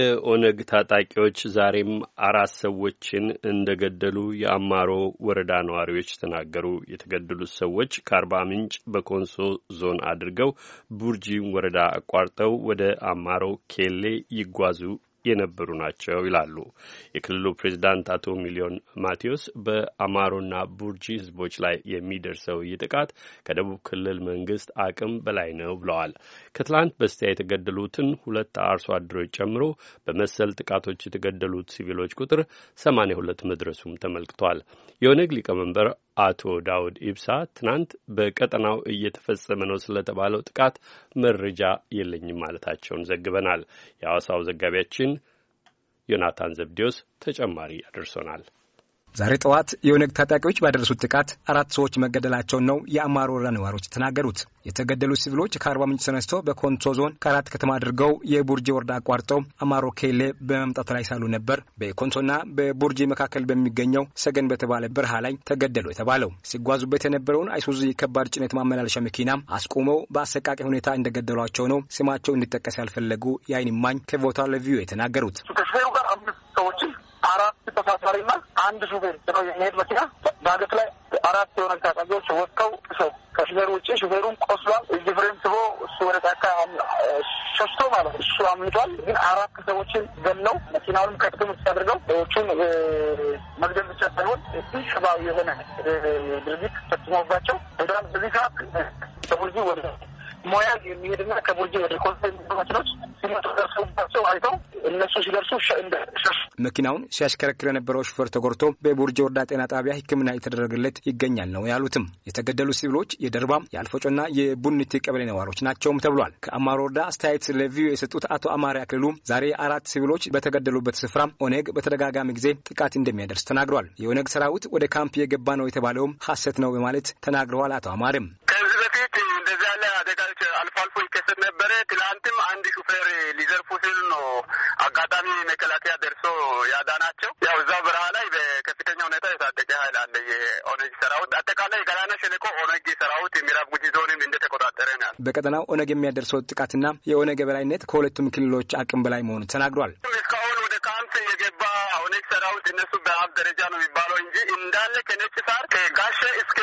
የኦነግ ታጣቂዎች ዛሬም አራት ሰዎችን እንደገደሉ የአማሮ ወረዳ ነዋሪዎች ተናገሩ። የተገደሉት ሰዎች ከአርባ ምንጭ በኮንሶ ዞን አድርገው ቡርጂን ወረዳ አቋርጠው ወደ አማሮ ኬሌ ይጓዙ የነበሩ ናቸው ይላሉ። የክልሉ ፕሬዚዳንት አቶ ሚሊዮን ማቴዎስ በአማሮና ቡርጂ ህዝቦች ላይ የሚደርሰው ይህ ጥቃት ከደቡብ ክልል መንግስት አቅም በላይ ነው ብለዋል። ከትላንት በስቲያ የተገደሉትን ሁለት አርሶ አደሮች ጨምሮ በመሰል ጥቃቶች የተገደሉት ሲቪሎች ቁጥር ሰማንያ ሁለት መድረሱም ተመልክቷል። የኦነግ ሊቀመንበር አቶ ዳውድ ኢብሳ ትናንት በቀጠናው እየተፈጸመ ነው ስለተባለው ጥቃት መረጃ የለኝም ማለታቸውን ዘግበናል። የሐዋሳው ዘጋቢያችን ዮናታን ዘብዴዎስ ተጨማሪ አድርሶናል። ዛሬ ጠዋት የኦነግ ታጣቂዎች ባደረሱት ጥቃት አራት ሰዎች መገደላቸውን ነው የአማሮ ወረዳ ነዋሪዎች የተናገሩት። የተገደሉ ሲቪሎች ከአርባ ምንጭ ተነስቶ በኮንሶ ዞን ከአራት ከተማ አድርገው የቡርጂ ወረዳ አቋርጠው አማሮ ኬሌ በመምጣት ላይ ሳሉ ነበር በኮንሶና በቡርጂ መካከል በሚገኘው ሰገን በተባለ በረሃ ላይ ተገደሉ የተባለው። ሲጓዙበት የነበረውን አይሱዙ የከባድ ጭነት ማመላለሻ መኪና አስቆመው በአሰቃቂ ሁኔታ እንደገደሏቸው ነው ስማቸው እንዲጠቀስ ያልፈለጉ የአይን ማኝ ከቦታ ለቪዮ የተናገሩት። አሳፋሪና አንድ ሹፌር ጭነው የሚሄድ መኪና ባገት ላይ አራት የሆነ ታጣቂዎች ወጥተው ሰው ከሹፌሩ ውጭ ሹፌሩን ቆስሏል። እጅ ፍሬም ስቦ እሱ ወደ ጫካ ሸሽቶ ማለት ነው እሱ አምልጧል። ግን አራት ሰዎችን ገለው መኪናውንም ከጥቅም ውስጥ አድርገው ሰዎቹን መግደል ብቻ ሳይሆን ሰብአዊ የሆነ ድርጊት ፈጽሞባቸው በዚህ ሰዓት ተጉጂ ወደ ሞያል የሚሄድና ከቡርጅ ወደ ኮንፈረንስ መኪኖች ሲመጡ ደርሰውባቸው አይተው እነሱ ሲደርሱ መኪናውን ሲያሽከረክር የነበረው ሹፌር ተጎድቶ በቡርጅ ወረዳ ጤና ጣቢያ ሕክምና የተደረገለት ይገኛል ነው ያሉትም። የተገደሉ ሲቪሎች የደርባም የአልፎጮና የቡኒቲ ቀበሌ ነዋሪዎች ናቸውም ተብሏል። ከአማሮ ወረዳ አስተያየት ለቪዮ የሰጡት አቶ አማሪ አክልሉ ዛሬ አራት ሲቪሎች በተገደሉበት ስፍራ ኦነግ በተደጋጋሚ ጊዜ ጥቃት እንደሚያደርስ ተናግሯል። የኦነግ ሰራዊት ወደ ካምፕ የገባ ነው የተባለውም ሀሰት ነው በማለት ተናግረዋል። አቶ አማርም ያዳናቸው። ያው እዛ በረሃ ላይ በከፍተኛ ሁኔታ የታጠቀ ኃይል አለ። የኦነግ ሰራዊት አጠቃላይ ገላና ሸለቆ ኦነግ ሰራዊት የሚራብ ጉጂ ዞንም እንደተቆጣጠረ ነው። በቀጠናው ኦነግ የሚያደርሰው ጥቃትና የኦነግ የበላይነት ከሁለቱም ክልሎች አቅም በላይ መሆኑ ተናግሯል። እስካሁን ወደ ካምፕ የገባ ኦነግ ሰራዊት እነሱ በአብ ደረጃ ነው የሚባለው እንጂ እንዳለ ከነጭ ሳር ከጋሸ እስከ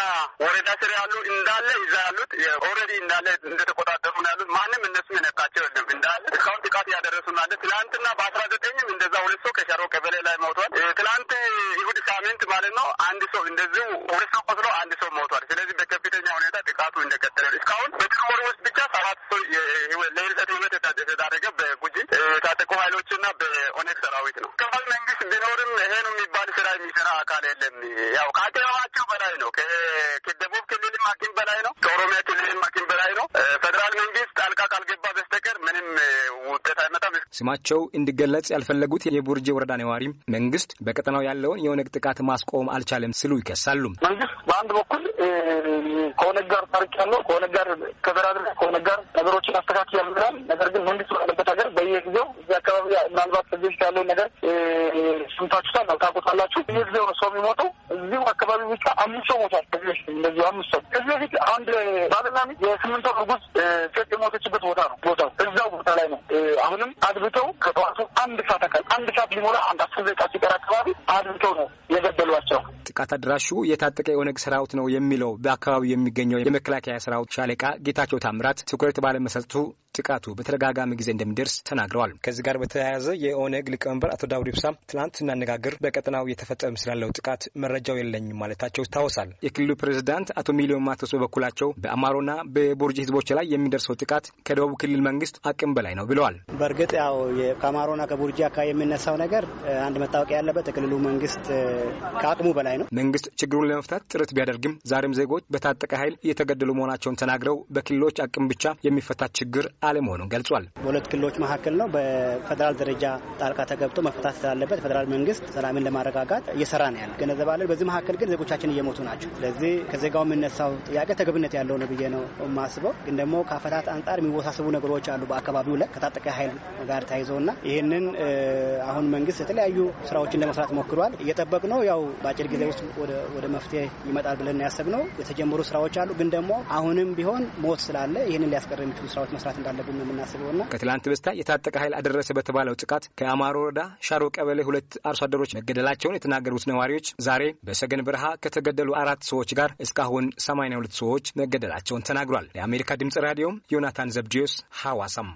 ዋና ወረዳ ስር ያሉ እንዳለ ይዛ ያሉት ኦልሬዲ እንዳለ እንደተቆጣጠሩ ነው ያሉት። ማንም እነሱ የነካቸው የለም እንዳለ እስካሁን ጥቃት ያደረሱ ናለ። ትላንትና በአስራ ዘጠኝም እንደዛ ሁለት ሰው ከሸሮ ቀበሌ ላይ ሞቷል። ትላንት ይሁድ ሳምንት ማለት ነው አንድ ሰው እንደዚሁ ሁለት ሰው ቆስሎ አንድ ሰው ሞቷል። ስለዚህ በከፍተኛ ሁኔታ ጥቃቱ እንደቀጠለ እስካሁን ቢኖርም ይሄን የሚባል ስራ የሚሰራ አካል የለም። ያው ከአቅማቸው በላይ ነው። ከደቡብ ክልልም አቅም በላይ ነው። ከኦሮሚያ ክልልም አቅም በላይ ነው። ፌዴራል መንግስት ጣልቃ ካልገባ በስተቀር ምንም ውጤት አይመጣም። ስማቸው እንዲገለጽ ያልፈለጉት የቡርጄ ወረዳ ነዋሪ መንግስት በቀጠናው ያለውን የኦነግ ጥቃት ማስቆም አልቻለም ሲሉ ይከሳሉ። መንግስት በአንድ በኩል ከኦነግ ጋር ያለው ከኦነግ ጋር ተደራድሬ ከኦነግ ጋር ነገሮችን አስተካክያለሁ ይላል። ነገር ግን መንግስት ባለበት ሀገር በየጊዜው እዚህ አካባቢ ምናልባት ከዚህ በፊት ያለውን ነገር ስምታችሁታል፣ ታውቁታላችሁ። በየጊዜው ነው ሰው የሚሞተው። እዚሁ አካባቢ ብቻ አምስት ሰው ሞቷል። ከዚህ በፊት እንደዚሁ አምስት ሰው ከዚህ በፊት አንድ ባልና ሚስት የስምንት ወር እርጉዝ ሴት የሞተችበት ቦታ ነው ቦታው እዛው ቦታ ላይ ነው። አሁንም አድብተው ከጠዋቱ አንድ ሰዓት አካል አንድ ሰዓት ሊሞላ አንድ አስር ዘቃ ሲቀር አካባቢ አድብተው ነው የገደሏቸው። ጥቃት አድራሹ የታጠቀ የኦነግ ሰራዊት ነው የሚለው በአካባቢው የሚገኘው የመከላከያ ሰራዊት ሻለቃ ጌታቸው ታምራት ትኩረት ባለመሰጠቱ ጥቃቱ በተደጋጋሚ ጊዜ እንደሚደርስ ተናግረዋል። ከዚህ ጋር በተያያዘ የኦነግ ሊቀመንበር አቶ ዳውድ ኢብሳ ትናንት ስናነጋገር በቀጠናው የተፈጸመ ስላለው ጥቃት መረጃው የለኝም ማለታቸው ይታወሳል። የክልሉ ፕሬዚዳንት አቶ ሚሊዮን ማቶስ በበኩላቸው በአማሮና በቦርጂ ህዝቦች ላይ የሚደርሰው ጥቃት ከደቡብ ክልል መንግስት አቅም በላይ ነው ብለዋል። በእርግጥ ያው ከአማሮና ከቦርጂ አካባቢ የሚነሳው ነገር አንድ መታወቂያ ያለበት የክልሉ መንግስት ከአቅሙ በላይ ነው። መንግስት ችግሩን ለመፍታት ጥረት ቢያደርግም ዛሬም ዜጎች በታጠቀ ኃይል እየተገደሉ መሆናቸውን ተናግረው በክልሎች አቅም ብቻ የሚፈታ ችግር አለመሆኑን ገልጿል። በሁለት ክልሎች መካከል ነው። በፌዴራል ደረጃ ጣልቃ ተገብቶ መፈታት ስላለበት ፌዴራል መንግስት ሰላምን ለማረጋጋት እየሰራ ነው ያለ ገነዘባለን። በዚህ መካከል ግን ዜጎቻችን እየሞቱ ናቸው። ስለዚህ ከዜጋው የምነሳው ጥያቄ ተገብነት ያለው ነው ብዬ ነው የማስበው። ግን ደግሞ ከአፈታት አንጻር የሚወሳሰቡ ነገሮች አሉ። በአካባቢው ላይ ከታጠቀ ኃይል ጋር ተያይዘውና ይህንን አሁን መንግስት የተለያዩ ስራዎችን ለመስራት ሞክሯል። እየጠበቅ ነው ያው በአጭር ጊዜ ውስጥ ወደ መፍትሄ ይመጣል ብለን ያሰብነው የተጀመሩ ስራዎች አሉ። ግን ደግሞ አሁንም ቢሆን ሞት ስላለ ይህንን ሊያስቀር የሚችሉ ስራዎች መስራት እንዳለብን ነው የምናስበው ና ከትላንት በስታ የታጠቀ ኃይል አደረሰ በተባለው ጥቃት ከአማሮ ወረዳ ሻሮ ቀበሌ ሁለት አርሶ አደሮች መገደላቸውን የተናገሩት ነዋሪዎች ዛሬ በሰገን በረሃ ከተገደሉ አራት ሰዎች ጋር እስካሁን ሰማንያ ሁለት ሰዎች መገደላቸውን ተናግሯል። የአሜሪካ ድምጽ ራዲዮም ዮናታን ዘብዲዮስ ሐዋሳም